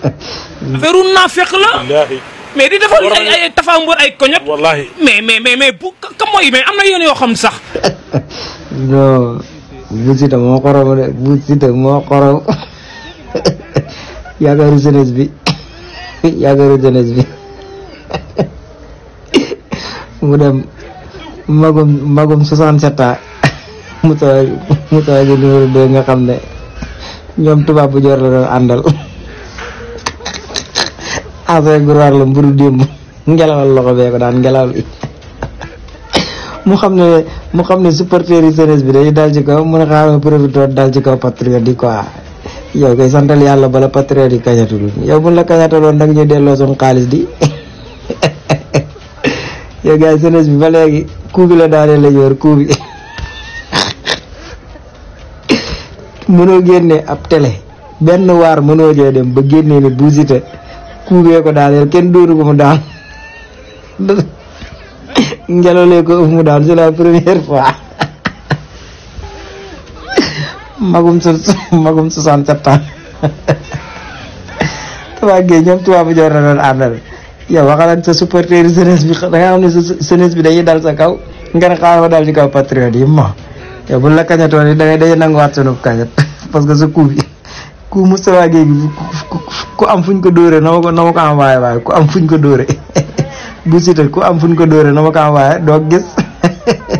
affaire naafeq la. mais di defal ay ay tafambur ay koñot. wallaahi bu ka mooy mais am na yoon yoo xam sax. non. bu Siteu moo xorom de bu Siteu moo bi mu dem magum magum 67 mu tawaay mu tawaay numéro nga xam ne ñoom tubaab bu joor la doon àndal. affaire guraar la mburu démb ngelawal loxo bee ko daan ngelawal bi mu xam ne mu xam ne supporter yi jeunesse bi dañuy dal ci kaw mu ne xaaral ma profité dal ci kaw patriote yi quoi yow kay santal yàlla bala patriote yi kañatul yow buñ la kañataloon nag ñu delloo suñu xaalis di yow gars yi jeunesse bi ba léegi coup la daanee la yor coup bi mënoo génne ab télé benn waar mënoo jee dem ba génnee ne buusite kuubee ko daaneel kenn dóoru ko mu daal ngelalee ko ëf daal c'est la première fois magum sa magum soixante-sept ans tubaab géej ñoom tubaabu joor la doon àndal yow waxal ak sa supporter jeunesse bi da nga xam ne jeunesse bi dañuy dal sa kaw nga ne xaaral ma dal ci kaw patriote yi mo yow bu la kañatoon yi da ngay daje nanguwaat sunu kañat parce que sa coup bi coup Moustapha Guèye bi ku am fuñ ko doore na ma ko na ma ko envoyé waaye ku am fuñ ko doore bu Siteu ku am fuñ ko doore na ma ko envoyé doo gis